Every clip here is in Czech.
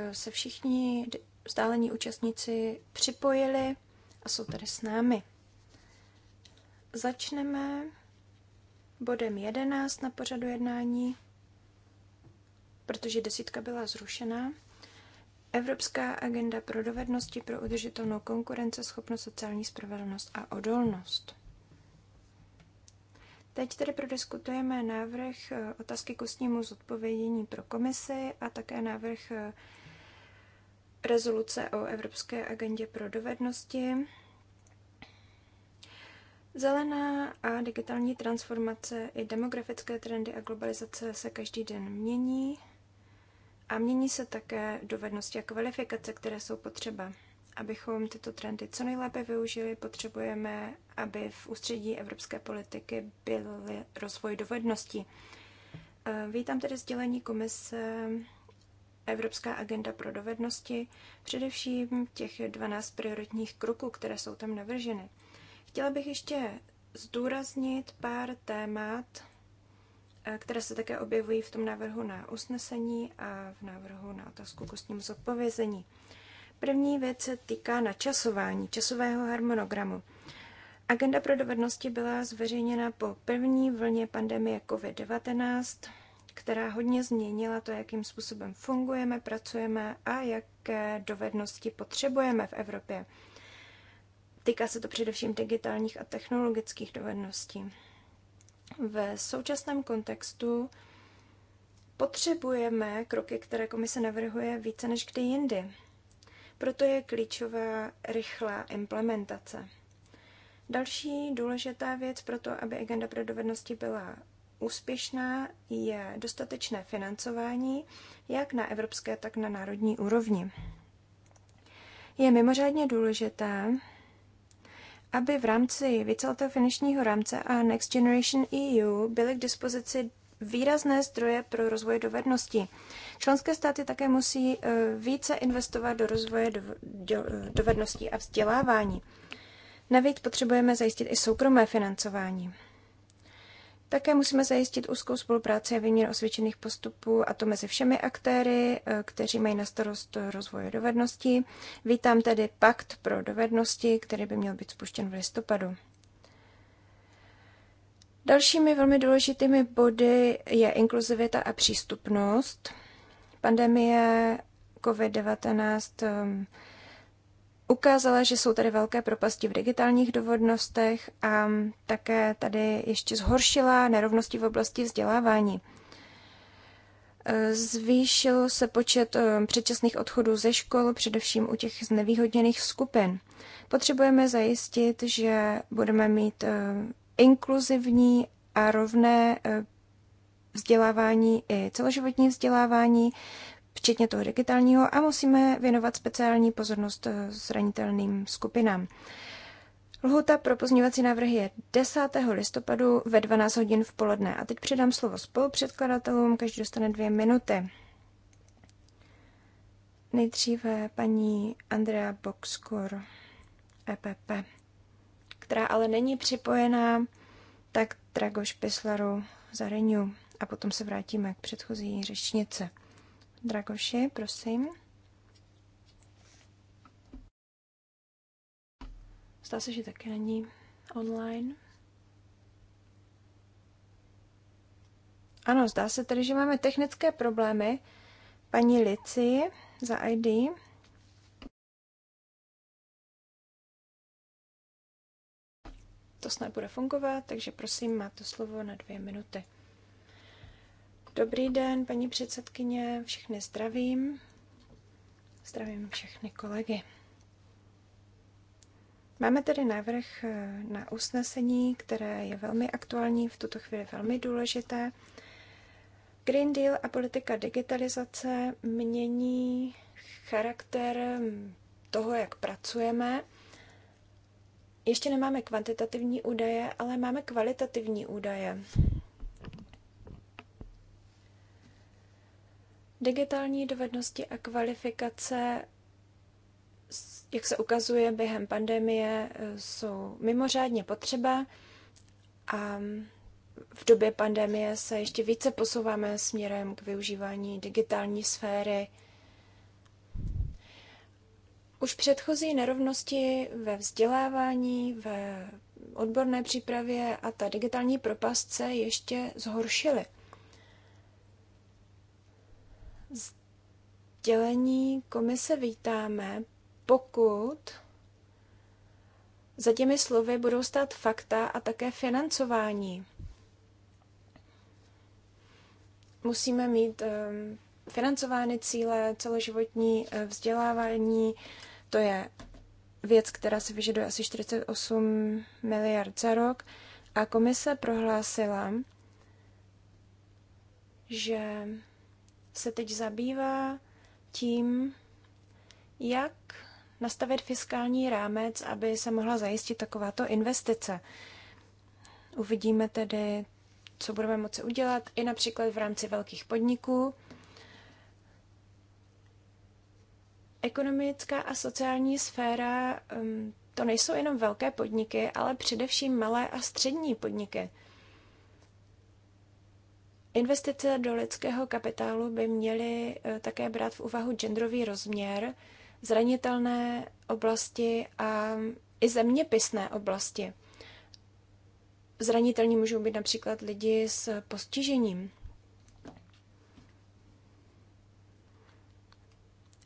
Eh, se všichni vzdálení účastníci připojili a jsou tady s námi. Začneme bodem 11 na pořadu jednání, protože desítka byla zrušena. Evropská agenda pro dovednosti pro udržitelnou konkurenceschopnost, sociální spravedlnost a odolnost. Teď tedy prodiskutujeme návrh eh, otázky k ústnímu zodpovědění pro komisi a také návrh eh, rezoluce o Evropské agendě pro dovednosti, Zelená a digitální transformace i demografické trendy a globalizace se každý den mění a mění se také dovednosti a kvalifikace, které jsou potřeba. Abychom tyto trendy co nejlépe využili, potřebujeme, aby v ústředí evropské politiky byl rozvoj dovedností. Eh, vítám tedy sdělení komise Evropská agenda pro dovednosti, především těch 12 prioritních kroků, které jsou tam navrženy. Chtěla bych ještě zdůraznit pár témat, eh, které se také objevují v tom návrhu na usnesení a v návrhu na otázku k ústnímu zodpovězení. První věc se týká načasování, časového harmonogramu. Agenda pro dovednosti byla zveřejněna po první vlně pandemie COVID-19 která hodně změnila to, jakým způsobem fungujeme, pracujeme a jaké dovednosti potřebujeme v Evropě. Týká se to především digitálních a technologických dovedností. V současném kontextu potřebujeme kroky, které komise navrhuje více než kdy jindy. Proto je klíčová rychlá implementace. Další důležitá věc pro to, aby agenda pro dovednosti byla úspěšná, je dostatečné financování jak na evropské, tak na národní úrovni. Je mimořádně důležité, aby v rámci víceletého finančního rámce a Next Generation EU byly k dispozici výrazné zdroje pro rozvoj dovedností. Členské státy také musí eh, více investovat do rozvoje eh, dovedností a vzdělávání. Navíc potřebujeme zajistit i soukromé financování. Také musíme zajistit úzkou spolupráci a výměnu osvědčených postupů, a to mezi všemi aktéry, eh, kteří mají na starost rozvoj dovedností. Vítám tedy pakt pro dovednosti, který by měl být spuštěn v listopadu. Dalšími velmi důležitými body je inkluzivita a přístupnost. Pandemie COVID-19 ukázala, že jsou tady velké propasti v digitálních dovodnostech a také tady ještě zhoršila nerovnosti v oblasti vzdělávání. E, zvýšil se počet e, předčasných odchodů ze škol, především u těch znevýhodněných skupin. Potřebujeme zajistit, že budeme mít e, inkluzivní a rovné vzdělávání i celoživotní vzdělávání včetně toho digitálního, a musíme věnovat speciální pozornost eh, zranitelným skupinám. Lhuta pro pozměňovací návrhy je 10. listopadu ve 12 hodin v poledne. A teď předám slovo spolupředkladatelům, každý dostane dvě minuty. Nejdříve paní Andrea Boxkor, EPP, která ale není připojená, tak Dragoš Pislaru za Reniu. A potom se vrátíme k předchozí řečnice. Dragoši, prosím. Zdá se, že taky není online. Ano, zdá se tedy, že máme technické problémy. Paní Lici za ID. To snad bude fungovat, takže prosím, máte slovo na dvě minuty. Dobrý den, paní předsedkyně, všechny zdravím. Zdravím všechny kolegy. Máme tedy návrh eh, na usnesení, které je velmi aktuální, v tuto chvíli velmi důležité. Green Deal a politika digitalizace mění charakter mm, toho, jak pracujeme. Ještě nemáme kvantitativní údaje, ale máme kvalitativní údaje. Digitální dovednosti a kvalifikace, jak se ukazuje během pandemie, eh, jsou mimořádně potřeba a v době pandemie se ještě více posouváme směrem k využívání digitální sféry. Už předchozí nerovnosti ve vzdělávání, ve odborné přípravě a ta digitální propast se ještě zhoršily. sdělení komise vítáme, pokud za těmi slovy budou stát fakta a také financování. Musíme mít ehm, financovány cíle, celoživotní eh, vzdělávání, to je věc, která se vyžaduje asi 48 miliard za rok. A komise prohlásila, že se teď zabývá tím, jak nastavit fiskální rámec, aby se mohla zajistit takováto investice. Uvidíme tedy, co budeme moci udělat i například v rámci velkých podniků. Ekonomická a sociální sféra um, to nejsou jenom velké podniky, ale především malé a střední podniky. Investice do lidského kapitálu by měly eh, také brát v úvahu genderový rozměr, zranitelné oblasti a i zeměpisné oblasti. Zranitelní můžou být například lidi s postižením.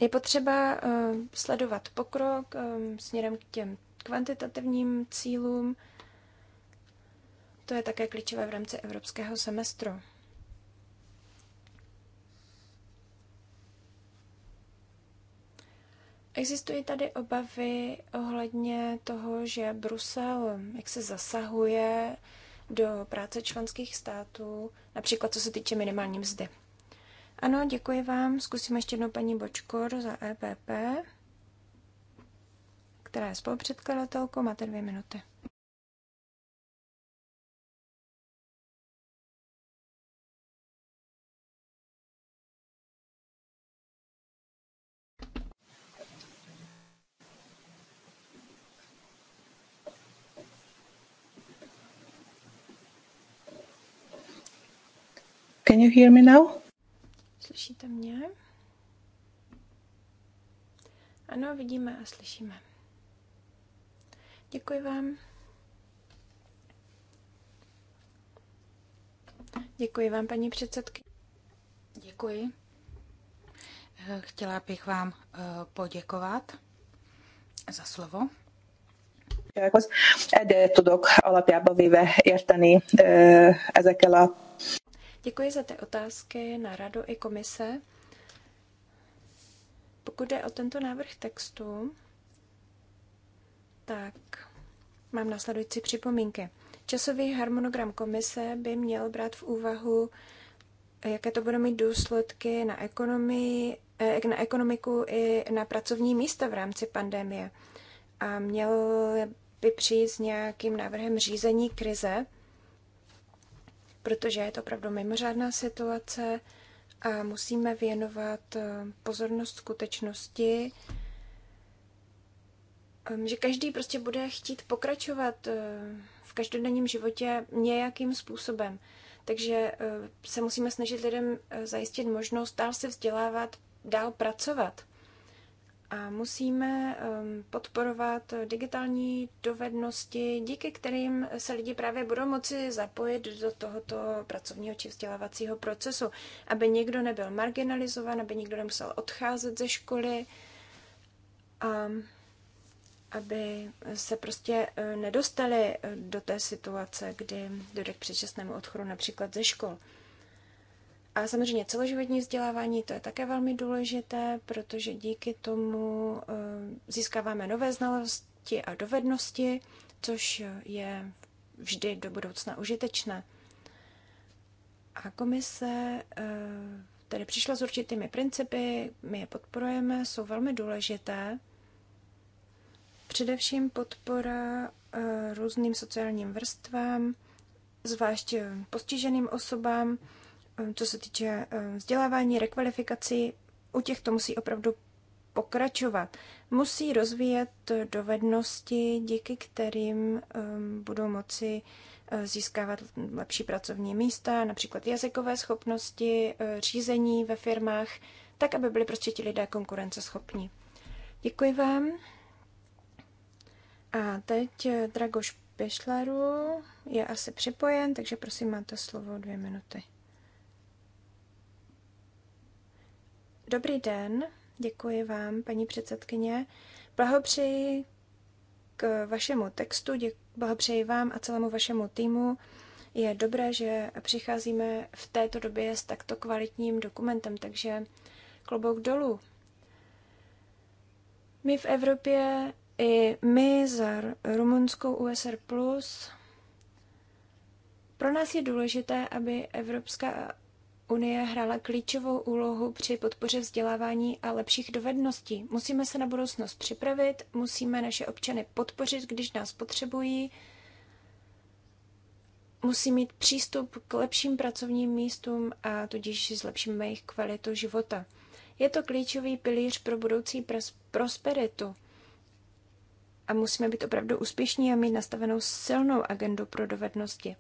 Je potřeba eh, sledovat pokrok eh, směrem k těm kvantitativním cílům. To je také klíčové v rámci evropského semestru. Existují tady obavy ohledně toho, že Brusel jak se zasahuje do práce členských států, například co se týče minimální mzdy. Ano, děkuji vám. Zkusím ještě jednou paní Bočkor za EPP, která je spolupředkladatelkou. Máte dvě minuty. Can you hear me now? Slyšíte mě? Ano, vidíme a slyšíme. Děkuji vám. Děkuji vám, paní předsedky. Děkuji. Chtěla bych vám eh, poděkovat za slovo. to tudok alapjába véve érteni eh, ezekkel a Děkuji za ty otázky na radu i komise. Pokud jde o tento návrh textu, tak mám následující připomínky. Časový harmonogram komise by měl brát v úvahu, jaké to bude mít důsledky na, ekonomii, eh, na ekonomiku i na pracovní místa v rámci pandemie. A měl by přijít s nějakým návrhem řízení krize, protože je to opravdu mimořádná situace a musíme věnovat eh, pozornost skutečnosti, ehm, že každý prostě bude chtít pokračovat eh, v každodenním životě nějakým způsobem. Takže eh, se musíme snažit lidem zajistit možnost dál se vzdělávat, dál pracovat. A musíme um, podporovat digitální dovednosti, díky kterým se lidi právě budou moci zapojit do tohoto pracovního či vzdělávacího procesu, aby nikdo nebyl marginalizovan, aby nikdo nemusel odcházet ze školy a aby se prostě eh, nedostali eh, do té situace, kdy dojde k předčasnému odchodu například ze škol. A samozřejmě celoživotní vzdělávání, to je také velmi důležité, protože díky tomu eh, získáváme nové znalosti a dovednosti, což je vždy do budoucna užitečné. A komise eh, tedy přišla s určitými principy, my je podporujeme, jsou velmi důležité. Především podpora eh, různým sociálním vrstvám, zvlášť postiženým osobám, Eh, co se týče eh, vzdělávání, rekvalifikací, u těch to musí opravdu pokračovat. Musí rozvíjet dovednosti, díky kterým ehm, budou moci eh, získávat lepší pracovní místa, například jazykové schopnosti, řízení ve firmách, tak, aby byli prostě ti lidé konkurenceschopní. Děkuji vám. A teď Dragoš Pešlaru je asi připojen, takže prosím, máte slovo dvě minuty. Dobrý den, děkuji vám, paní předsedkyně. Blahopřeji k vašemu textu, děk, blahopřeji vám a celému vašemu týmu. Je dobré, že přicházíme v této době s takto kvalitním dokumentem, takže klobouk dolů. My v Evropě i my za rumunskou USR+, pro nás je důležité, aby Evropská Unie hrála klíčovou úlohu při podpoře vzdělávání a lepších dovedností. Musíme se na budoucnost připravit, musíme naše občany podpořit, když nás potřebují, musí mít přístup k lepším pracovním místům a tudíž zlepšíme jejich kvalitu života. Je to klíčový pilíř pro budoucí prosperitu. A musíme být opravdu úspěšní a mít nastavenou silnou agendu pro dovednosti.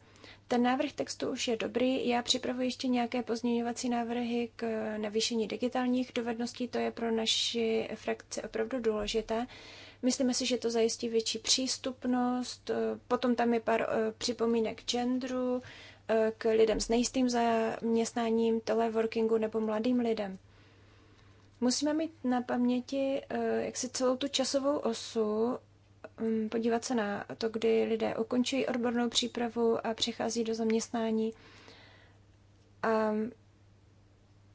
Ten návrh textu už je dobrý. Já připravuji ještě nějaké pozměňovací návrhy k navýšení digitálních dovedností. To je pro naši frakci opravdu důležité. Myslíme si, že to zajistí větší přístupnost. Potom tam je pár eh, připomínek genderu, eh, k lidem s nejistým zaměstnáním, teleworkingu nebo mladým lidem. Musíme mít na paměti eh, jak si celou tu časovou osu Um, podívat se na to, kdy lidé ukončují odbornou přípravu a přechází do zaměstnání. A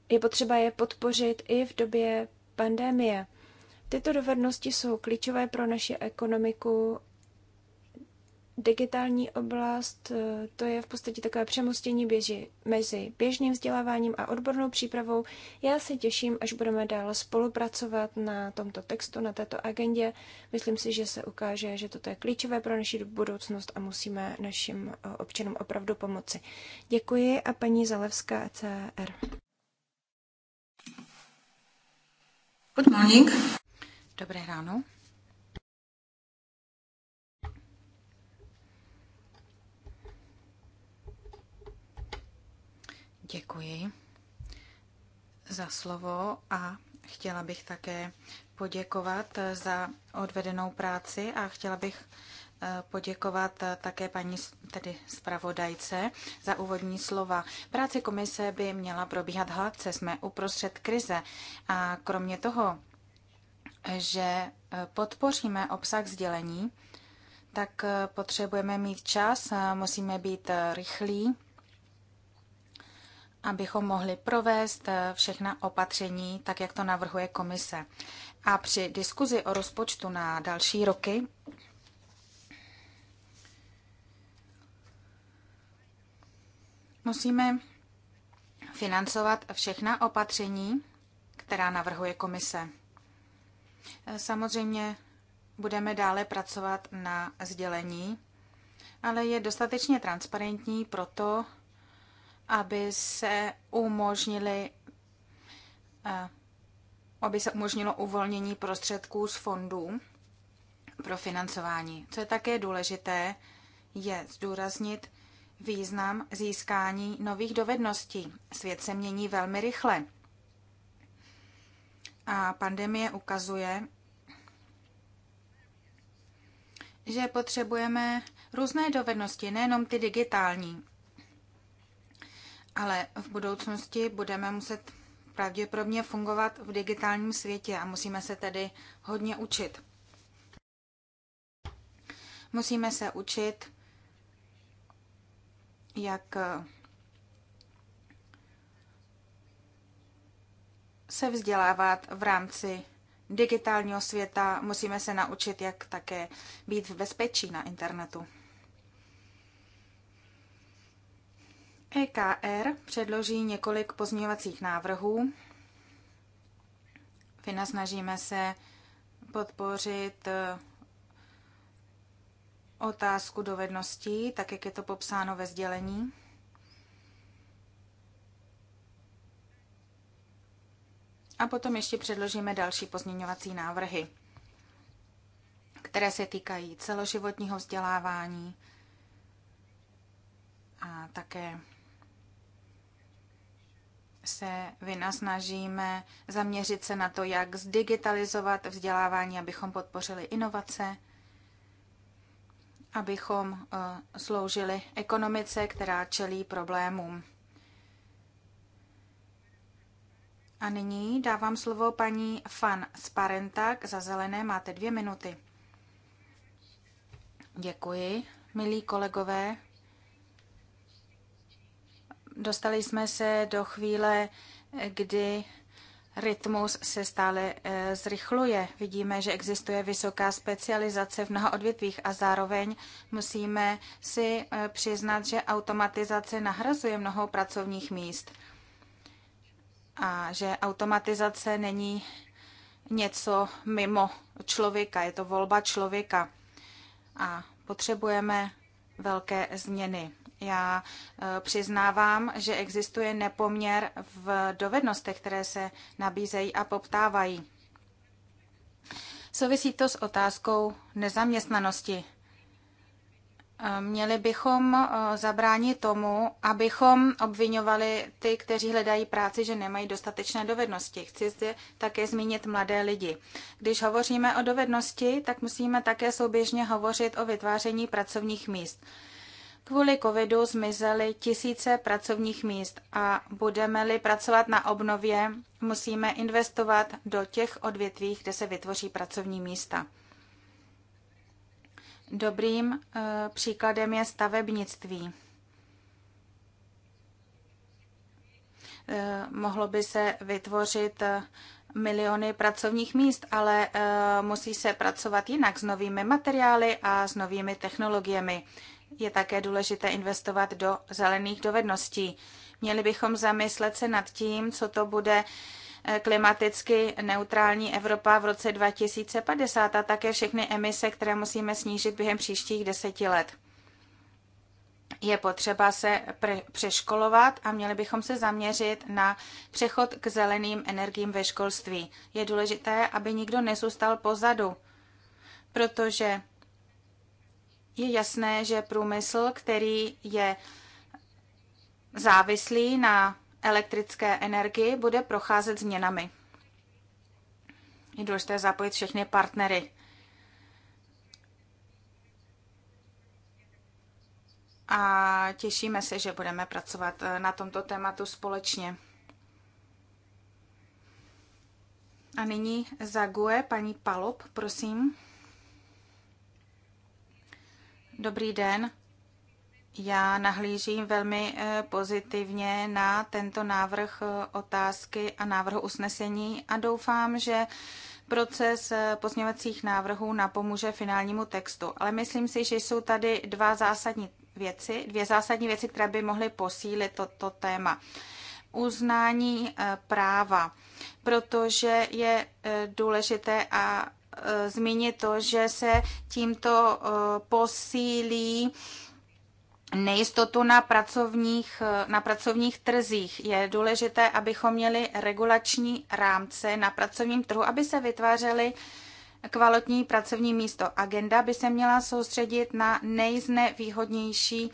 je potřeba je podpořit i v době pandemie. Tyto dovednosti jsou klíčové pro naši ekonomiku digitální oblast, eh, to je v podstatě takové přemostění běži, mezi běžným vzděláváním a odbornou přípravou. Já se těším, až budeme dál spolupracovat na tomto textu, na této agendě. Myslím si, že se ukáže, že toto je klíčové pro naši budoucnost a musíme našim eh, občanům opravdu pomoci. Děkuji a paní Zalevská e CR. Good morning. Dobré ráno. Děkuji za slovo a chtěla bych také poděkovat za odvedenou práci a chtěla bych eh, poděkovat eh, také paní tedy zpravodajce za úvodní slova. Práce komise by měla probíhat hladce, jsme uprostřed krize a kromě toho, že eh, podpoříme obsah sdělení, tak potřebujeme mít čas, musíme být rychlí abychom mohli provést eh, všechna opatření, tak jak to navrhuje komise. A při diskuzi o rozpočtu na další roky musíme financovat všechna opatření, která navrhuje komise. Eh, samozřejmě budeme dále pracovat na sdělení, ale je dostatečně transparentní proto, aby se umožnili eh, aby se umožnilo uvolnění prostředků z fondů pro financování. Co je také důležité, je zdůraznit význam získání nových dovedností. Svět se mění velmi rychle. A pandemie ukazuje, že potřebujeme různé dovednosti, nejenom ty digitální ale v budoucnosti budeme muset pravděpodobně fungovat v digitálním světě a musíme se tedy hodně učit. Musíme se učit, jak eh, se vzdělávat v rámci digitálního světa. Musíme se naučit, jak také být v bezpečí na internetu. KR předloží několik pozměňovacích návrhů. Vynasnažíme se podpořit eh, otázku dovedností, tak jak je to popsáno ve sdělení. A potom ještě předložíme další pozměňovací návrhy, které se týkají celoživotního vzdělávání a také se vynasnažíme zaměřit se na to, jak zdigitalizovat vzdělávání, abychom podpořili inovace, abychom eh, sloužili ekonomice, která čelí problémům. A nyní dávám slovo paní Fan Sparentak za zelené. Máte dvě minuty. Děkuji, milí kolegové dostali jsme se do chvíle, kdy rytmus se stále e, zrychluje. Vidíme, že existuje vysoká specializace v mnoha odvětvích a zároveň musíme si e, přiznat, že automatizace nahrazuje mnoho pracovních míst a že automatizace není něco mimo člověka, je to volba člověka a potřebujeme velké změny. Já eh, přiznávám, že existuje nepoměr v dovednostech, které se nabízejí a poptávají. Souvisí to s otázkou nezaměstnanosti. Eh, měli bychom eh, zabránit tomu, abychom obvinovali ty, kteří hledají práci, že nemají dostatečné dovednosti. Chci zde také zmínit mladé lidi. Když hovoříme o dovednosti, tak musíme také souběžně hovořit o vytváření pracovních míst. Kvůli covidu zmizely tisíce pracovních míst a budeme-li pracovat na obnově, musíme investovat do těch odvětví, kde se vytvoří pracovní místa. Dobrým eh, příkladem je stavebnictví. Eh, mohlo by se vytvořit eh, miliony pracovních míst, ale musí se pracovat jinak s novými materiály a s novými technologiemi. Je také důležité investovat do zelených dovedností. Měli bychom zamyslet se nad tím, co to bude eh, klimaticky neutrální Evropa v roce 2050 a také všechny emise, které musíme snížit během příštích deseti let. Je potřeba se přeškolovat a měli bychom se zaměřit na přechod k zeleným energiím ve školství. Je důležité, aby nikdo nezůstal pozadu, protože je jasné, že průmysl, který je závislý na elektrické energii, bude procházet změnami. Je důležité zapojit všechny partnery. A těšíme se, že budeme pracovat eh, na tomto tématu společně. A nyní za GUE paní Palop, prosím. Dobrý den. Já nahlížím velmi eh, pozitivně na tento návrh eh, otázky a návrhu usnesení a doufám, že proces eh, pozměňovacích návrhů napomůže finálnímu textu. Ale myslím si, že jsou tady dva zásadní věci, dvě zásadní věci, které by mohly posílit toto téma. Uznání práva, protože je důležité, a Eh, zmínit to, že se tímto eh, posílí nejistotu na pracovních, eh, na pracovních trzích. Je důležité, abychom měli regulační rámce na pracovním trhu, aby se vytvářely kvalitní pracovní místo. Agenda by se měla soustředit na nejznevýhodnější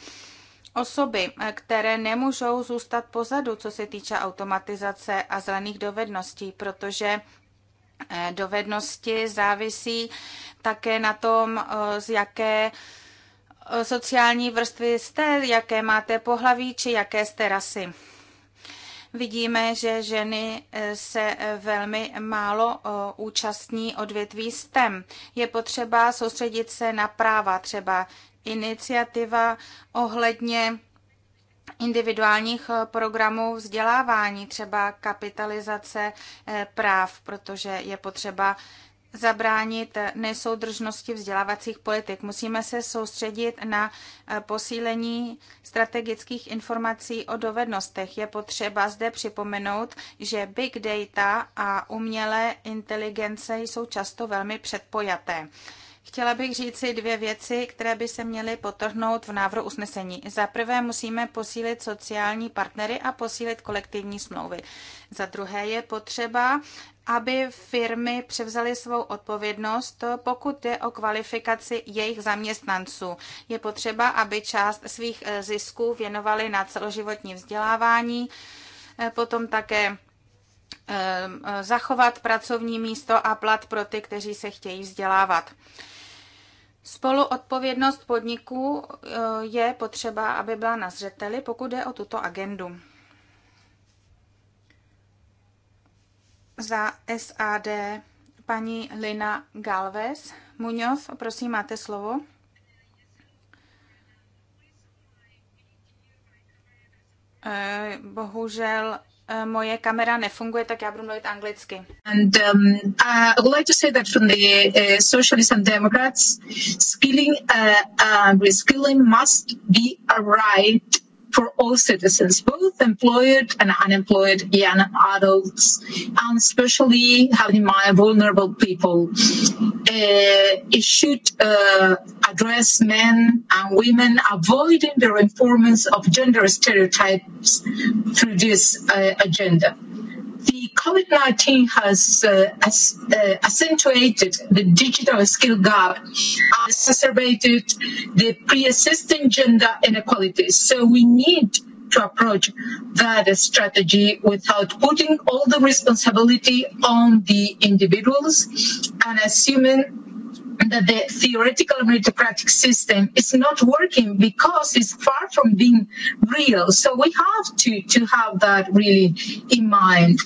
osoby, které nemůžou zůstat pozadu, co se týče automatizace a zelených dovedností, protože Eh, dovednosti závisí také na tom, eh, z jaké eh, sociální vrstvy jste, jaké máte pohlaví či jaké jste rasy. Vidíme, že ženy se velmi málo účastní odvětví STEM. Je potřeba soustředit se na práva, třeba iniciativa ohledně individuálních eh, programů vzdělávání, třeba kapitalizace eh, práv, protože je potřeba zabránit eh, nesoudržnosti vzdělávacích politik. Musíme se soustředit na posílení strategických informací o dovednostech. Je potřeba zde připomenout, že big data a umělé inteligence jsou často velmi předpojaté. Chtěla bych říci dvě věci, které by se měly potrhnout v návrhu usnesení. Za prvé musíme posílit sociální partnery a posílit kolektivní smlouvy. Za druhé je potřeba, aby firmy převzaly svou odpovědnost, pokud jde o kvalifikaci jejich zaměstnanců. Je potřeba, aby část svých eh, zisků věnovali na celoživotní vzdělávání, eh, potom také eh, zachovat pracovní místo a plat pro ty, kteří se chtějí vzdělávat. Spoluodpovědnost podniků eh, je potřeba, aby byla na zřeteli, pokud jde o tuto agendu. Za SAD paní Lina Galvez. Muñoz, prosím, máte slovo. Eh, bohužel Eh, moje kamera nefunguje, tak já budu mluvit anglicky. And um, I would like to say that from the uh, Socialists and Democrats, skilling uh, uh, reskilling must be a right for all citizens, both employed and unemployed young adults, and especially having in mind vulnerable people. Uh, it should uh, address men and women, avoiding the reinforcements of gender stereotypes through this uh, agenda. COVID-19 has uh, as, uh, accentuated the digital skill gap, exacerbated the pre-existing gender inequalities. So we need to approach that strategy without putting all the responsibility on the individuals and assuming that the theoretical meritocratic system is not working because it's far from being real. So we have to, to have that really in mind.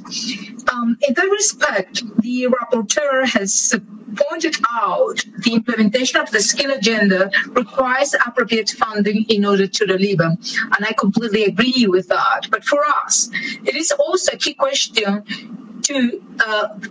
Um, in that respect, the rapporteur has pointed out the implementation of the skill agenda requires appropriate funding in order to deliver. And I completely agree with that. But for us, it is also a key question to uh,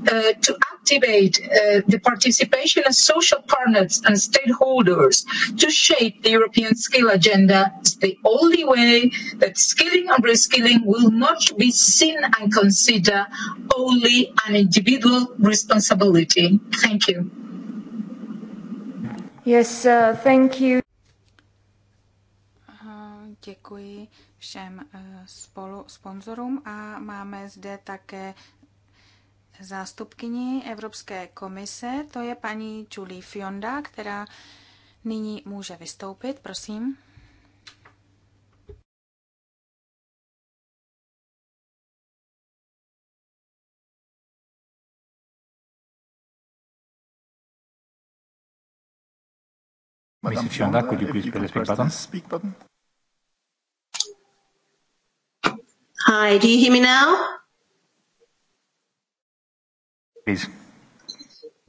uh, to activate uh, the participation of social partners and stakeholders to shape the European skill agenda is the only way that skilling and reskilling will not be seen and considered only an individual responsibility. Thank you. Yes, uh, thank you. Uh, Děkuji všem uh, spolu sponzorům a máme zde také zástupkyni Evropské komise, to je paní Julie Fionda, která nyní může vystoupit, prosím. Madame Mrs. Shonda, could you please press the button? Speak button? Hi, do you hear me now? Please.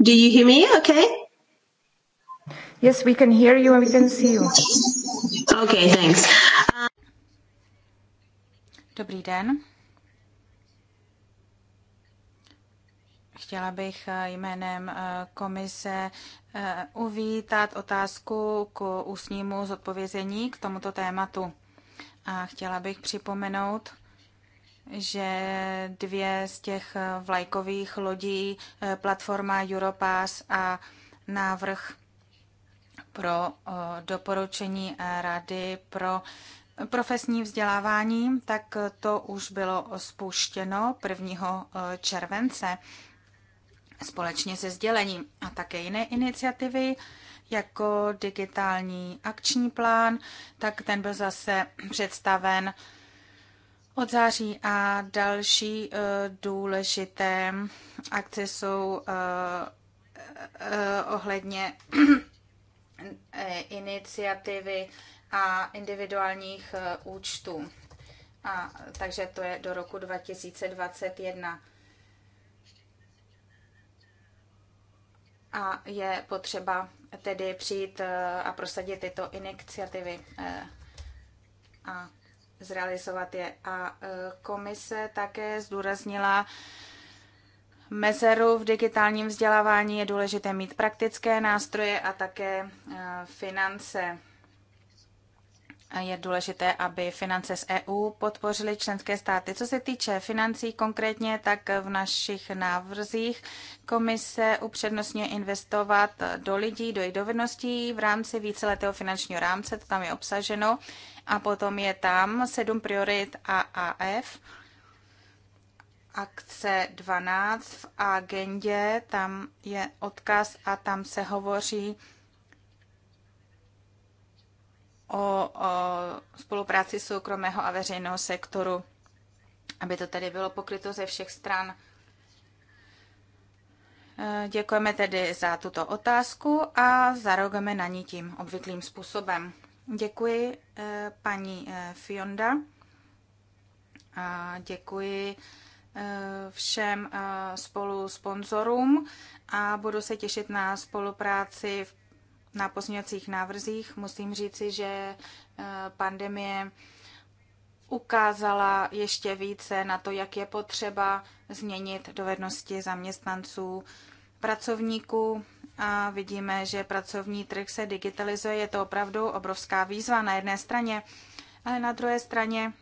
Do you hear me okay? Yes, we can hear you and we can see you. Okay, thanks. Uh, Dobrý den. Chtěla bych eh, jménem eh, komise eh, uvítat otázku k ústnímu zodpovězení k tomuto tématu. A chtěla bych připomenout, že dvě z těch vlajkových lodí, platforma Europass a návrh pro doporučení Rady pro profesní vzdělávání, tak to už bylo spuštěno 1. července společně se sdělením a také jiné iniciativy, jako digitální akční plán, tak ten byl zase představen od září a další e, důležité akce jsou e, e, ohledně iniciativy a individuálních účtů. A, takže to je do roku 2021. a je potřeba tedy přijít eh, a prosadit tyto iniciativy eh, a zrealizovat je. A eh, komise také zdůraznila, mezeru v digitálním vzdělávání je důležité mít praktické nástroje a také finance je důležité, aby finance z EU podpořily členské státy. Co se týče financí konkrétně, tak v našich návrzích komise upřednostňuje investovat do lidí, do jejich dovedností v rámci víceletého finančního rámce, to tam je obsaženo. A potom je tam sedm priorit AAF, akce 12 v agendě, tam je odkaz a tam se hovoří o, o spolupráci soukromého a veřejného sektoru, aby to tedy bylo pokryto ze všech stran. Eh, děkujeme tedy za tuto otázku a zarogeme na ní tím obvyklým způsobem. Děkuji eh, paní eh, Fionda a děkuji všem spolu sponzorům a budu se těšit na spolupráci v na pozměňovacích návrzích. Musím říci, že eh, pandemie ukázala ještě více na to, jak je potřeba změnit dovednosti zaměstnanců, pracovníků a vidíme, že pracovní trh se digitalizuje. Je to opravdu obrovská výzva na jedné straně, ale na druhé straně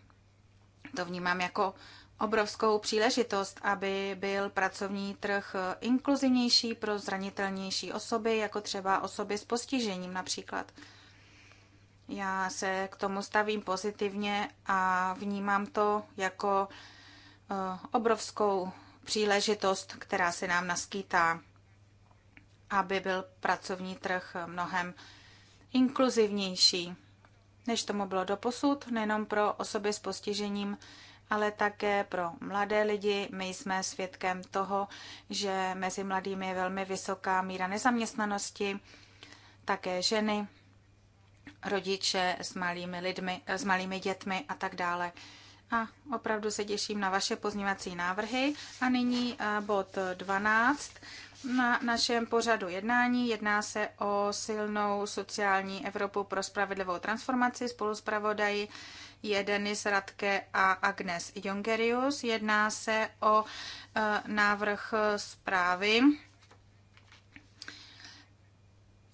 to vnímám jako obrovskou příležitost, aby byl pracovní trh inkluzivnější pro zranitelnější osoby, jako třeba osoby s postižením například. Já se k tomu stavím pozitivně a vnímám to jako eh, obrovskou příležitost, která se nám naskýtá, aby byl pracovní trh mnohem inkluzivnější, než tomu bylo doposud, nejenom pro osoby s postižením, ale také pro mladé lidi. My jsme svědkem toho, že mezi mladými je velmi vysoká míra nezaměstnanosti, také ženy, rodiče s malými, lidmi, s malými dětmi a tak dále. A opravdu se těším na vaše pozněvací návrhy. A nyní eh, bod 12 na našem pořadu jednání. Jedná se o silnou sociální Evropu pro spravedlivou transformaci. Spolu s pravodají Jeden je z Radke a Agnes Jongerius. Jedná se o e, návrh zprávy.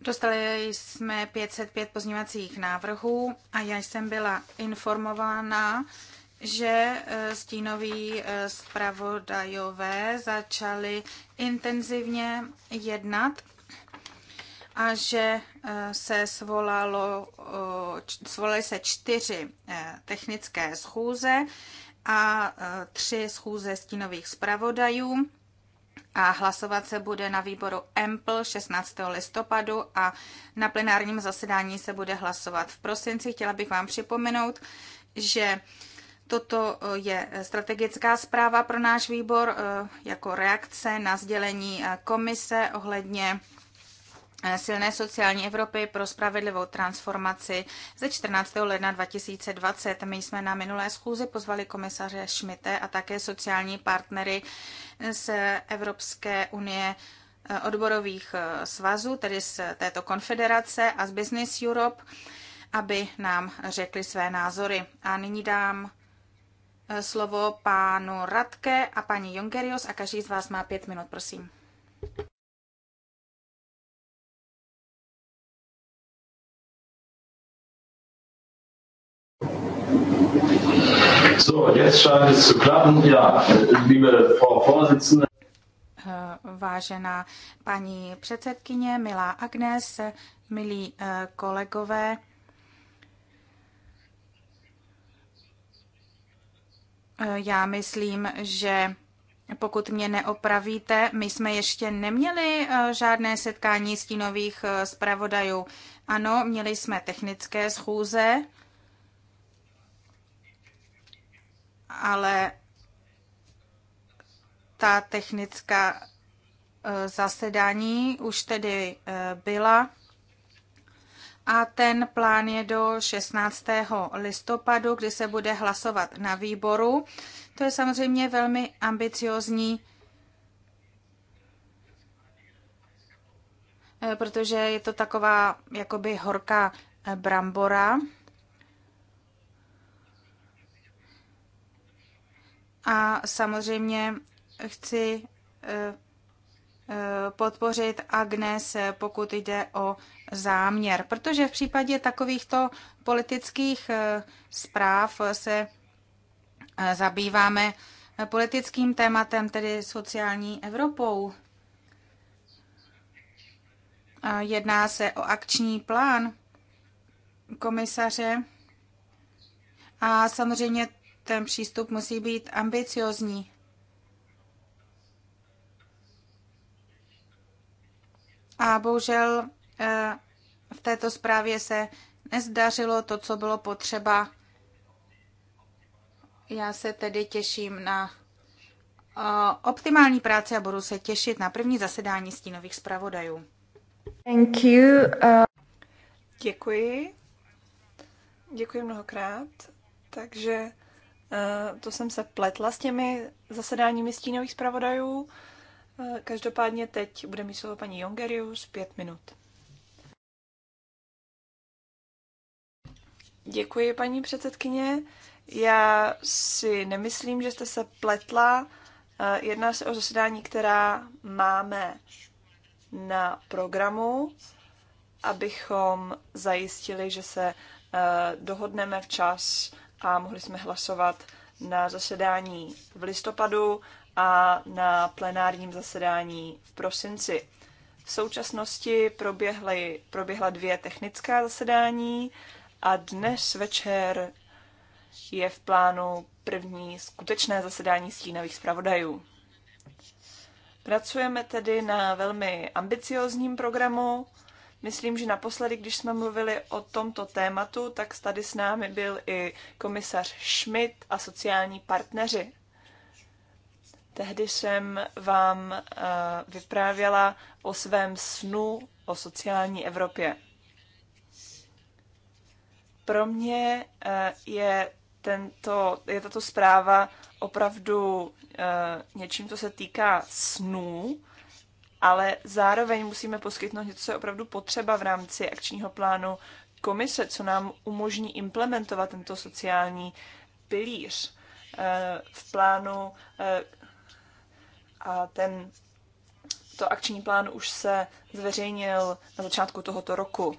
Dostali jsme 505 pozněvacích návrhů a já jsem byla informována, že e, stínoví e, zpravodajové začali intenzivně jednat a že eh, se svolalo, eh, svolaly se čtyři eh, technické schůze a tři schůze stínových zpravodajů a hlasovat se bude na výboru EMPL 16. listopadu a na plenárním zasedání se bude hlasovat v prosinci. Chtěla bych vám připomenout, že Toto je strategická zpráva pro náš výbor jako reakce na sdělení komise ohledně Eh, silné sociální Evropy pro spravedlivou transformaci ze 14. ledna 2020. My jsme na minulé schůzi pozvali komisaře Šmite a také sociální partnery z Evropské unie eh, odborových eh, svazů, tedy z této konfederace a z Business Europe, aby nám řekli své názory. A nyní dám slovo pánu Radke a paní Jongerios a každý z vás má pět minut, prosím. So, jetzt scheint es zu klappen. Ja, liebe Frau Vorsitzende. Eh, vážená paní předsedkyně, milá Agnes, milí eh, kolegové, eh, já myslím, že pokud mě neopravíte, my jsme ještě neměli žádné setkání stínových zpravodajů. Ano, měli jsme technické schůze, ale ta technická eh, zasedání už tedy eh, byla a ten plán je do 16. listopadu, kdy se bude hlasovat na výboru. To je samozřejmě velmi ambiciozní, eh, protože je to taková jakoby horká brambora. A samozřejmě chci eh, eh, podpořit Agnes, pokud jde o záměr, protože v případě takovýchto politických eh, zpráv se zabýváme politickým tématem, tedy sociální Evropou. Jedná se o akční plán komisaře a samozřejmě ten přístup musí být ambiciozní. A bohužel eh, v této zprávě se nezdařilo to, co bylo potřeba. Já se tedy těším na eh, optimální práci a budu se těšit na první zasedání stínových zpravodajů. Thank you. Uh... Děkuji. Děkuji mnohokrát. Takže Eh, to jsem se pletla s těmi zasedáními stínových zpravodajů. Eh, každopádně teď bude mít slovo paní Jongerius pět minut. Děkuji, paní předsedkyně. Já si nemyslím, že jste se pletla. Eh, jedná se o zasedání, která máme na programu, abychom zajistili, že se dohodneme včas a mohli jsme hlasovat na zasedání v listopadu a na plenárním zasedání v prosinci. V současnosti proběhly, proběhla dvě technická zasedání a dnes večer je v plánu první skutečné zasedání stínových zpravodajů. Pracujeme tedy na velmi ambiciozním programu, Myslím, že naposledy, když jsme mluvili o tomto tématu, tak tady s námi byl i komisař Schmidt a sociální partneři. Tehdy jsem vám eh, vyprávěla o svém snu o sociální Evropě. Pro mě eh, je, tento, je tato zpráva opravdu eh, něčím, co se týká snů, ale zároveň musíme poskytnout něco, co je opravdu potřeba v rámci akčního plánu komise, co nám umožní implementovat tento sociální pilíř eh, v plánu eh, a ten to akční plán už se zveřejnil na začátku tohoto roku.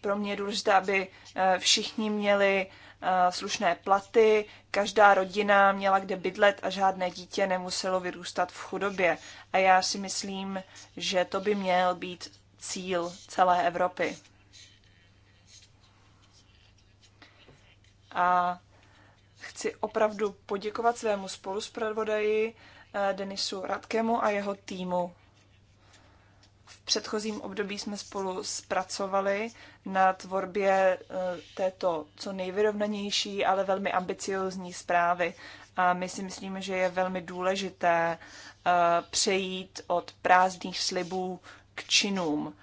Pro mě je důležité, aby eh, všichni měli Eh, slušné platy, každá rodina měla kde bydlet a žádné dítě nemuselo vyrůstat v chudobě. A já si myslím, že to by měl být cíl celé Evropy. A chci opravdu poděkovat svému spoluspravodaji eh, Denisu Radkemu a jeho týmu v předchozím období jsme spolu zpracovali na tvorbě e, této co nejvyrovnanější, ale velmi ambiciozní zprávy. A my si myslíme, že je velmi důležité e, přejít od prázdných slibů k činům.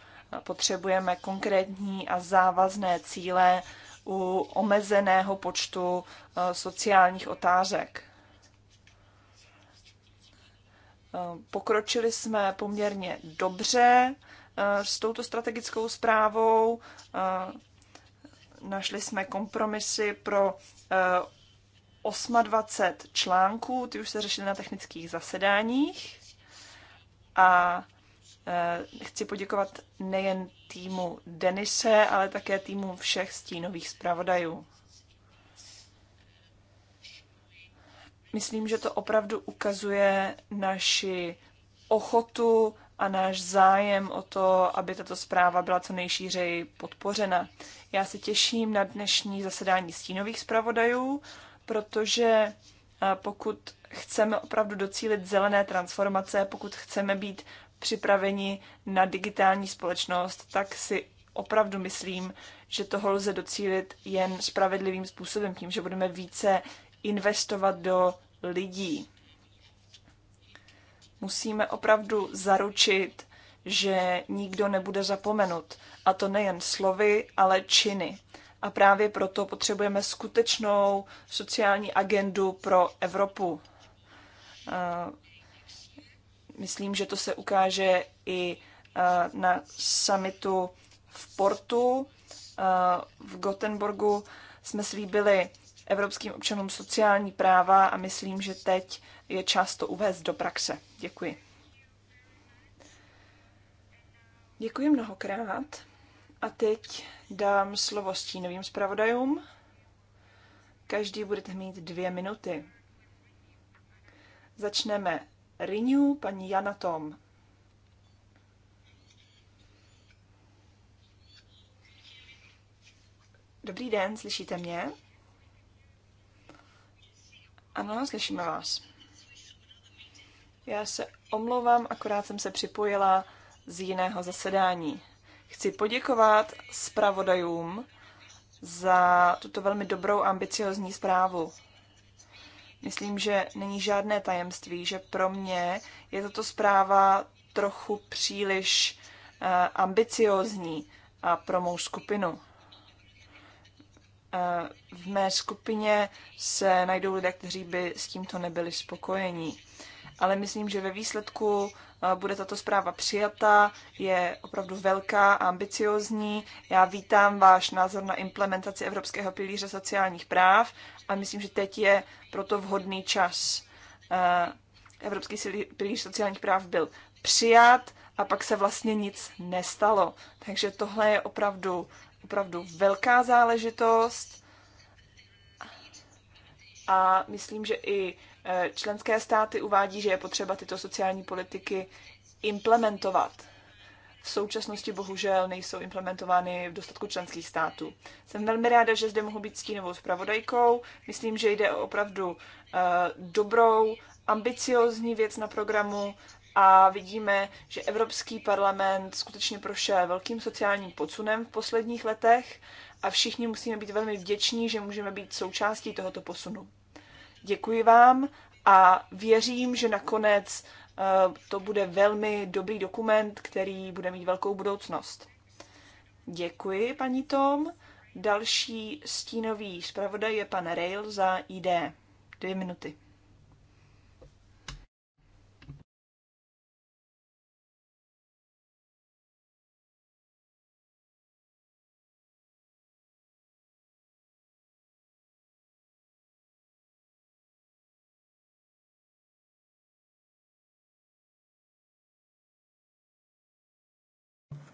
Potřebujeme konkrétní a závazné cíle u omezeného počtu e, sociálních otázek. Eh, pokročili jsme poměrně dobře eh, s touto strategickou zprávou. Eh, našli jsme kompromisy pro 28 článků, ty už se řešily na technických zasedáních. A chci poděkovat nejen týmu Denise, ale také týmu všech stínových zpravodajů. myslím, že to opravdu ukazuje naši ochotu a náš zájem o to, aby tato zpráva byla co nejšířeji podpořena. Já se těším na dnešní zasedání stínových zpravodajů, protože eh, pokud chceme opravdu docílit zelené transformace, pokud chceme být připraveni na digitální společnost, tak si opravdu myslím, že toho lze docílit jen spravedlivým způsobem, tím, že budeme více investovat do lidí. Musíme opravdu zaručit, že nikdo nebude zapomenut. A to nejen slovy, ale činy. A právě proto potřebujeme skutečnou sociální agendu pro Evropu. Myslím, že to se ukáže i na summitu v Portu v Gothenburgu. Jsme slíbili evropským občanům sociální práva a myslím, že teď je čas to uvést do praxe. Děkuji. Děkuji mnohokrát a teď dám slovo stínovým zpravodajům. Každý budete mít dvě minuty. Začneme Rinu, paní Jana Tom. Dobrý den, slyšíte mě? Ano, slyšíme vás. Já se omlouvám, akorát jsem se připojila z jiného zasedání. Chci poděkovat zpravodajům za tuto velmi dobrou ambiciozní zprávu. Myslím, že není žádné tajemství, že pro mě je tato zpráva trochu příliš eh, ambiciozní a pro mou skupinu v mé skupině se najdou lidé, kteří by s tímto nebyli spokojení. Ale myslím, že ve výsledku bude tato zpráva přijata, je opravdu velká a ambiciozní. Já vítám váš názor na implementaci Evropského pilíře sociálních práv a myslím, že teď je proto vhodný čas. Evropský pilíř sociálních práv byl přijat a pak se vlastně nic nestalo. Takže tohle je opravdu opravdu velká záležitost a myslím, že i e, členské státy uvádí, že je potřeba tyto sociální politiky implementovat. V současnosti bohužel nejsou implementovány v dostatku členských států. Jsem velmi ráda, že zde mohu být stínovou zpravodajkou. Myslím, že jde o opravdu e, dobrou, ambiciozní věc na programu a vidíme, že Evropský parlament skutečně prošel velkým sociálním podsunem v posledních letech a všichni musíme být velmi vděční, že můžeme být součástí tohoto posunu. Děkuji vám a věřím, že nakonec eh, to bude velmi dobrý dokument, který bude mít velkou budoucnost. Děkuji, paní Tom. Další stínový zpravodaj je pan Rail za ID. Dvě minuty.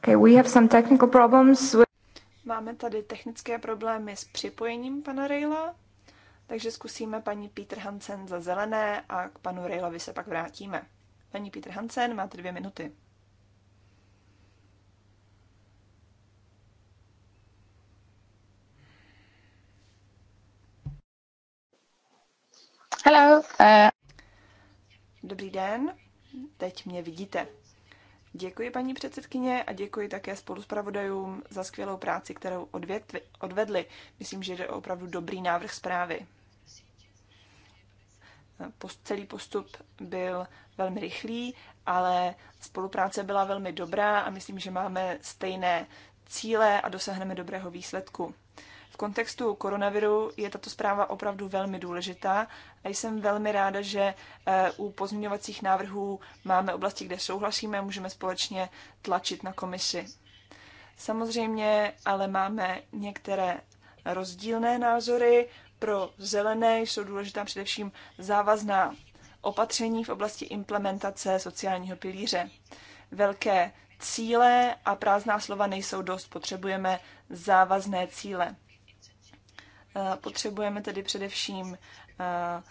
Okay, we have some technical problems with... Máme tady technické problémy s připojením pana Rejla, takže zkusíme paní Peter Hansen za zelené a k panu Rejlovi se pak vrátíme. Paní Peter Hansen, máte dvě minuty. Hello. Uh... Dobrý den, teď mě vidíte. Děkuji paní předsedkyně a děkuji také spoluspravodajům za skvělou práci, kterou odvětvi, odvedli. Myslím, že jde o opravdu dobrý návrh zprávy. Post, celý postup byl velmi rychlý, ale spolupráce byla velmi dobrá a myslím, že máme stejné cíle a dosáhneme dobrého výsledku. V kontextu koronaviru je tato zpráva opravdu velmi důležitá a jsem velmi ráda, že eh, u pozměňovacích návrhů máme oblasti, kde souhlasíme a můžeme společně tlačit na komisi. Samozřejmě ale máme některé rozdílné názory. Pro zelené jsou důležitá především závazná opatření v oblasti implementace sociálního pilíře. Velké cíle a prázdná slova nejsou dost, potřebujeme závazné cíle. Eh, potřebujeme tedy především eh,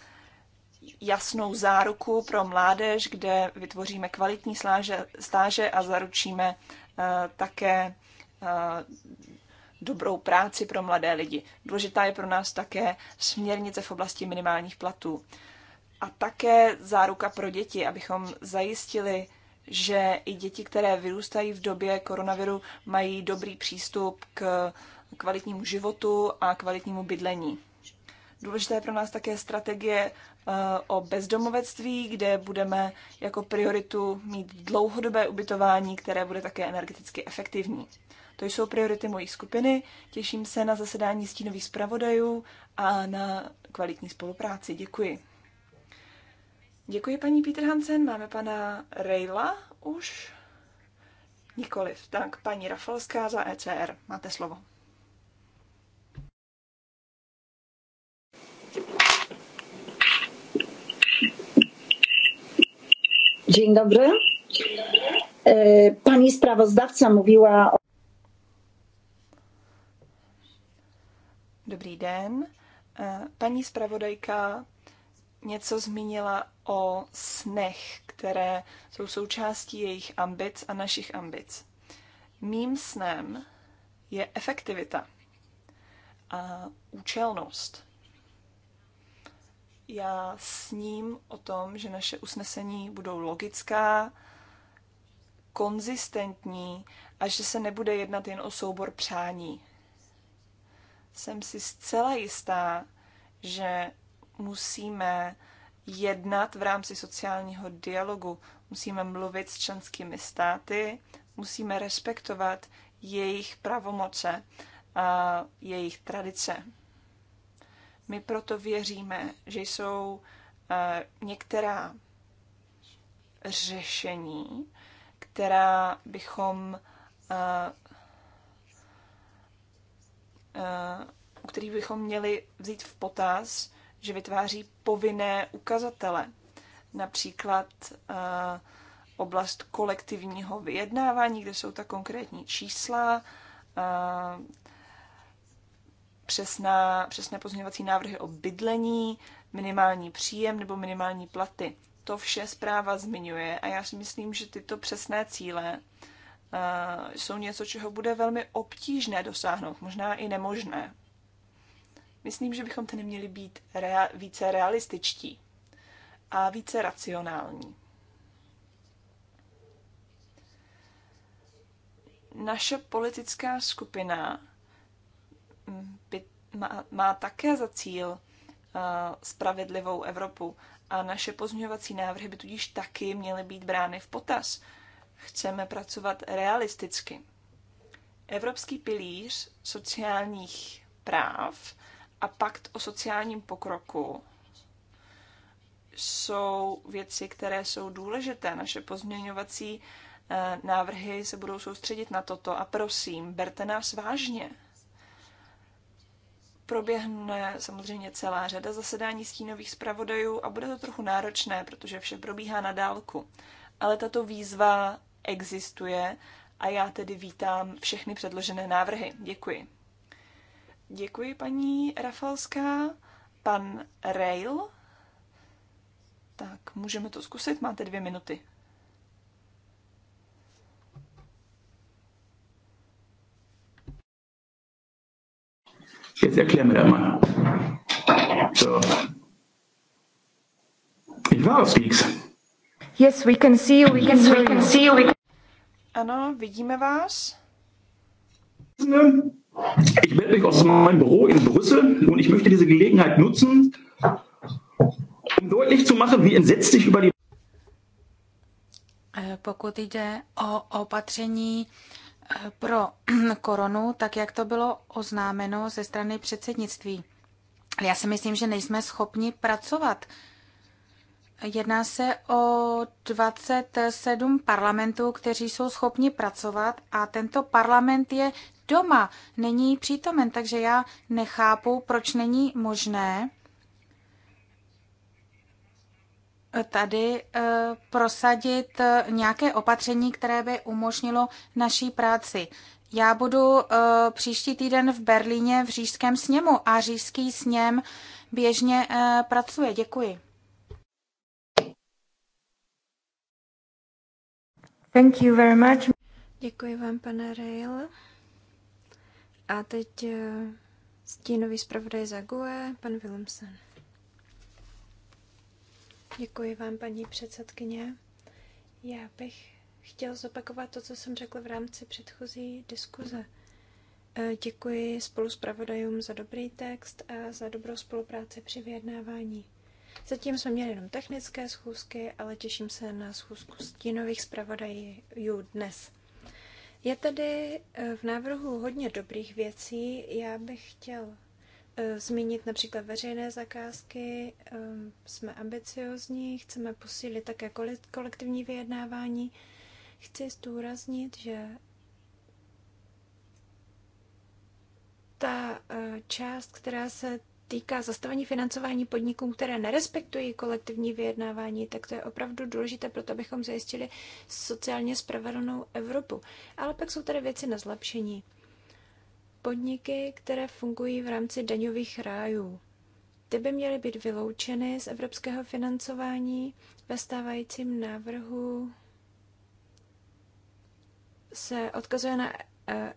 jasnou záruku pro mládež, kde vytvoříme kvalitní sláže, stáže a zaručíme eh, také dobrou práci pro mladé lidi. Důležitá je pro nás také směrnice v oblasti minimálních platů. A také záruka pro děti, abychom zajistili, že i děti, které vyrůstají v době koronaviru, mají dobrý přístup k kvalitnímu životu a kvalitnímu bydlení. Důležité je pro nás také strategie eh, o bezdomovectví, kde budeme jako prioritu mít dlouhodobé ubytování, které bude také energeticky efektivní. To jsou priority mojí skupiny. Těším se na zasedání stínových zpravodajů a na kvalitní spolupráci. Děkuji. Děkuji, paní Peter Hansen. Máme pana Rejla už? Nikoliv. Tak, paní Rafalská za ECR. Máte slovo. Dzień dobry. E, pani sprawozdawca mówiła o... Dobrý den. E, paní zpravodajka něco zmínila o snech, které jsou součástí jejich ambic a našich ambic. Mým snem je efektivita a účelnost já s ním o tom, že naše usnesení budou logická, konzistentní a že se nebude jednat jen o soubor přání. Jsem si zcela jistá, že musíme jednat v rámci sociálního dialogu, musíme mluvit s členskými státy, musíme respektovat jejich pravomoce a jejich tradice. My proto věříme, že jsou eh, některá řešení, která bychom eh, eh, u kterých bychom měli vzít v potaz, že vytváří povinné ukazatele, například oblast kolektivního vyjednávání, kde jsou ta konkrétní čísla, přesná, přesné pozměňovací návrhy o bydlení, minimální příjem nebo minimální platy. To vše zpráva zmiňuje a já si myslím, že tyto přesné cíle uh, jsou něco, čeho bude velmi obtížné dosáhnout, možná i nemožné. Myslím, že bychom tedy měli být rea- více realističtí a více racionální. Naše politická skupina by, má, má také za cíl uh, spravedlivou Evropu a naše pozměňovací návrhy by tudíž taky měly být brány v potaz. Chceme pracovat realisticky. Evropský pilíř sociálních práv a pakt o sociálním pokroku jsou věci, které jsou důležité. Naše pozměňovací eh, návrhy se budou soustředit na toto a prosím, berte nás vážně proběhne samozřejmě celá řada zasedání stínových zpravodajů a bude to trochu náročné, protože vše probíhá na dálku. Ale tato výzva existuje a já tedy vítám všechny předložené návrhy. Děkuji. Děkuji, paní Rafalská. Pan Rail. Tak, můžeme to zkusit, máte dvě minuty. Jest jak klemremmar. So it wow speaks. Yes, we can see you. We can, we can see you. Ano, vidíme vás. Ich melde mich aus meinem Büro in Brüssel und ich möchte diese Gelegenheit nutzen, um deutlich zu machen, wie entsetzt entsetzlich über die. Eh, pokud jde o opatření pro koronu, tak jak to bylo oznámeno ze strany předsednictví. Já si myslím, že nejsme schopni pracovat. Jedná se o 27 parlamentů, kteří jsou schopni pracovat a tento parlament je doma, není přítomen, takže já nechápu, proč není možné tady eh, prosadit eh, nějaké opatření, které by umožnilo naší práci. Já budu eh, příští týden v Berlíně v Řížském sněmu a Řížský sněm běžně pracuje. Děkuji. Thank you very much. Děkuji vám, pane Rail. A teď stínový zpravodaj za GUE, pan Willemsen. Děkuji vám, paní předsedkyně. Já bych chtěl zopakovat to, co jsem řekl v rámci předchozí diskuze. Eh, děkuji spolu s pravodajům za dobrý text a za dobrou spolupráci při vyjednávání. Zatím jsme měli jenom technické schůzky, ale těším se na schůzku stínových zpravodajů dnes. Je tady eh, v návrhu hodně dobrých věcí. Já bych chtěl Eh, zmínit například veřejné zakázky. Eh, jsme ambiciozní, chceme posílit také kolektivní vyjednávání. Chci zdůraznit, že ta eh, část, která se týká zastavení financování podnikům, které nerespektují kolektivní vyjednávání, tak to je opravdu důležité pro to, abychom zajistili sociálně spravedlnou Evropu. Ale pak jsou tady věci na zlepšení podniky, které fungují v rámci daňových rájů. Ty by měly být vyloučeny z evropského financování ve stávajícím návrhu se odkazuje na eh,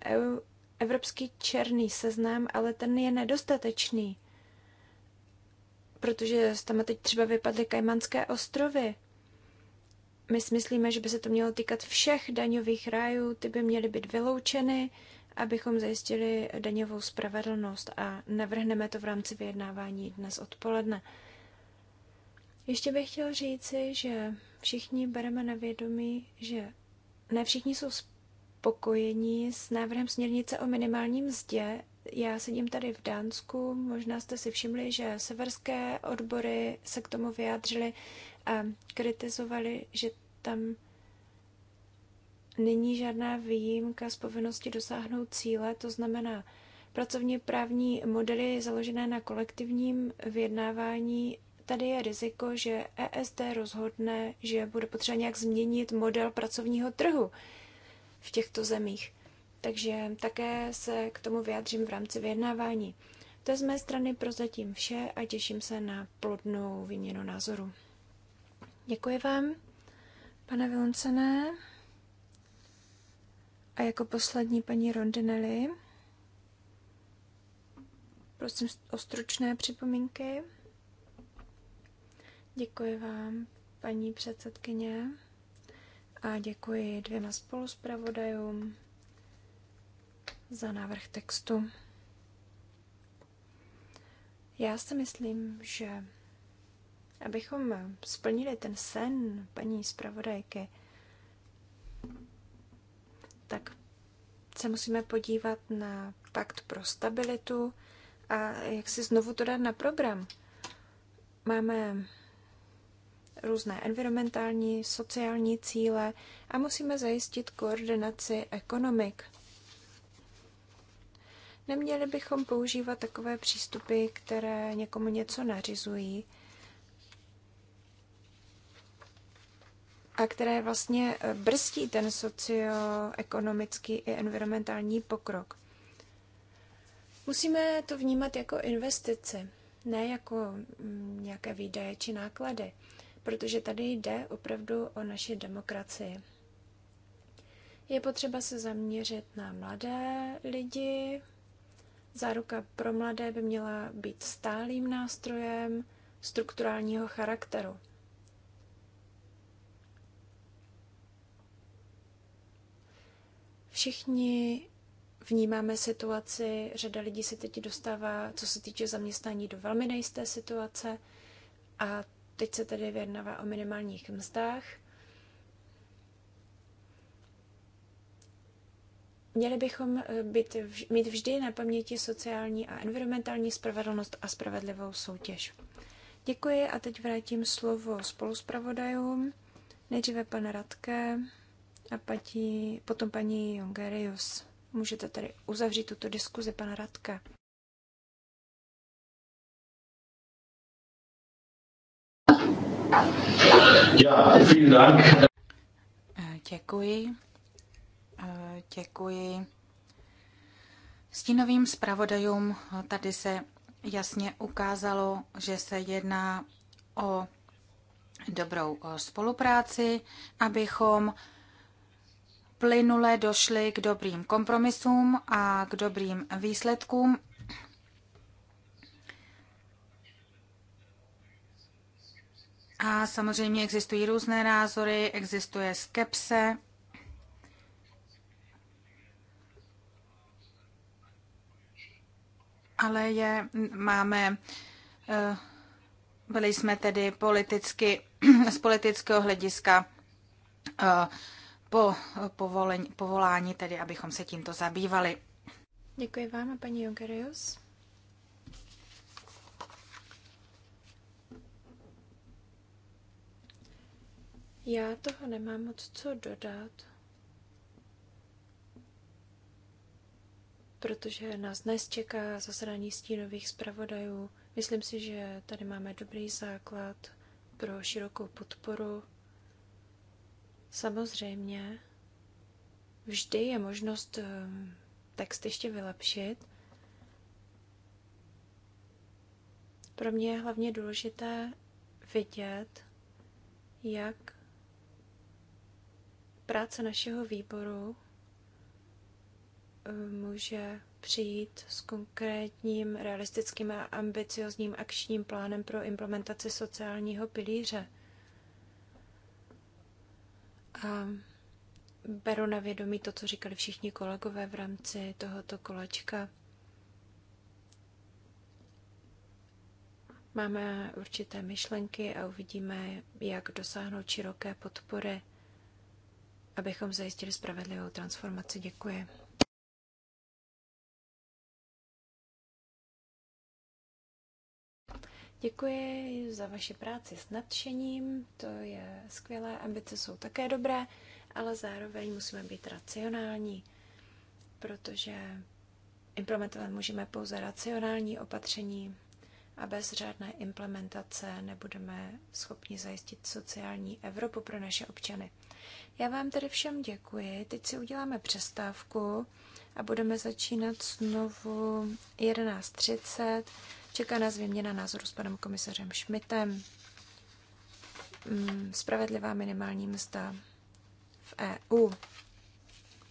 evropský černý seznam, ale ten je nedostatečný, protože tam teď třeba vypadly Kajmanské ostrovy. My si myslíme, že by se to mělo týkat všech daňových rájů, ty by měly být vyloučeny abychom zajistili daňovou spravedlnost a navrhneme to v rámci vyjednávání dnes odpoledne. Ještě bych chtěl říci, že všichni bereme na vědomí, že ne všichni jsou spokojení s návrhem směrnice o minimálním mzdě. Já sedím tady v Dánsku, možná jste si všimli, že severské odbory se k tomu vyjádřili a kritizovali, že tam není žádná výjimka z povinnosti dosáhnout cíle, to znamená, pracovně právní modely založené na kolektivním vyjednávání, tady je riziko, že ESD rozhodne, že bude potřeba nějak změnit model pracovního trhu v těchto zemích. Takže také se k tomu vyjádřím v rámci vyjednávání. To je z mé strany prozatím vše a těším se na plodnou výměnu názoru. Děkuji vám, pane Viloncené. A jako poslední paní Rondinelli. Prosím o stručné připomínky. Děkuji vám, paní předsedkyně. A děkuji dvěma spoluspravodajům za návrh textu. Já si myslím, že abychom splnili ten sen paní zpravodajky, tak se musíme podívat na pakt pro stabilitu a jak si znovu to dát na program. Máme různé environmentální, sociální cíle a musíme zajistit koordinaci ekonomik. Neměli bychom používat takové přístupy, které někomu něco nařizují, a které vlastně eh, brzdí ten socioekonomický i environmentální pokrok. Musíme to vnímat jako investici, ne jako mm, nějaké výdaje či náklady, protože tady jde opravdu o naši demokracii. Je potřeba se zaměřit na mladé lidi. Záruka pro mladé by měla být stálým nástrojem strukturálního charakteru Všichni vnímáme situaci, řada lidí se teď dostává, co se týče zaměstnání, do velmi nejisté situace a teď se tedy vyjednává o minimálních mzdách. Měli bychom eh, být, mít vždy na paměti sociální a environmentální spravedlnost a spravedlivou soutěž. Děkuji a teď vrátím slovo spoluspravodajům. Nejdříve pan Radke a patí, potom paní Jongerius. Můžete tady uzavřít tuto diskuzi, pana Radka. Ja, vielen Dank. Eh, děkuji. Eh, děkuji. Stínovým zpravodajům tady se jasně ukázalo, že se jedná o dobrou eh, spolupráci, abychom plynule došli k dobrým kompromisům a k dobrým výsledkům. A samozřejmě existují různé názory, existuje skepse. Ale je, máme, eh, byli jsme tedy politicky, z politického hlediska eh, po povolení, povolání, tedy abychom se tímto zabývali. Děkuji vám a paní Jongerius. Já toho nemám moc co dodat, protože nás dnes čeká zasedání stínových zpravodajů. Myslím si, že tady máme dobrý základ pro širokou podporu Samozřejmě, vždy je možnost eh, text ještě vylepšit. Pro mě je hlavně důležité vidět, jak práce našeho výboru eh, může přijít s konkrétním, realistickým a ambiciozním akčním plánem pro implementaci sociálního pilíře. A beru na vědomí to, co říkali všichni kolegové v rámci tohoto kolečka. Máme určité myšlenky a uvidíme, jak dosáhnout široké podpory, abychom zajistili spravedlivou transformaci. Děkuji. Děkuji za vaši práci s nadšením, to je skvělé, ambice jsou také dobré, ale zároveň musíme být racionální, protože implementovat můžeme pouze racionální opatření a bez řádné implementace nebudeme schopni zajistit sociální Evropu pro naše občany. Já vám tedy všem děkuji, teď si uděláme přestávku a budeme začínat znovu 11.30. Čeká nás výměna názoru s panem komisařem Šmitem. Mm, spravedlivá minimální mzda v EU.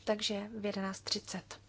Takže v 11.30.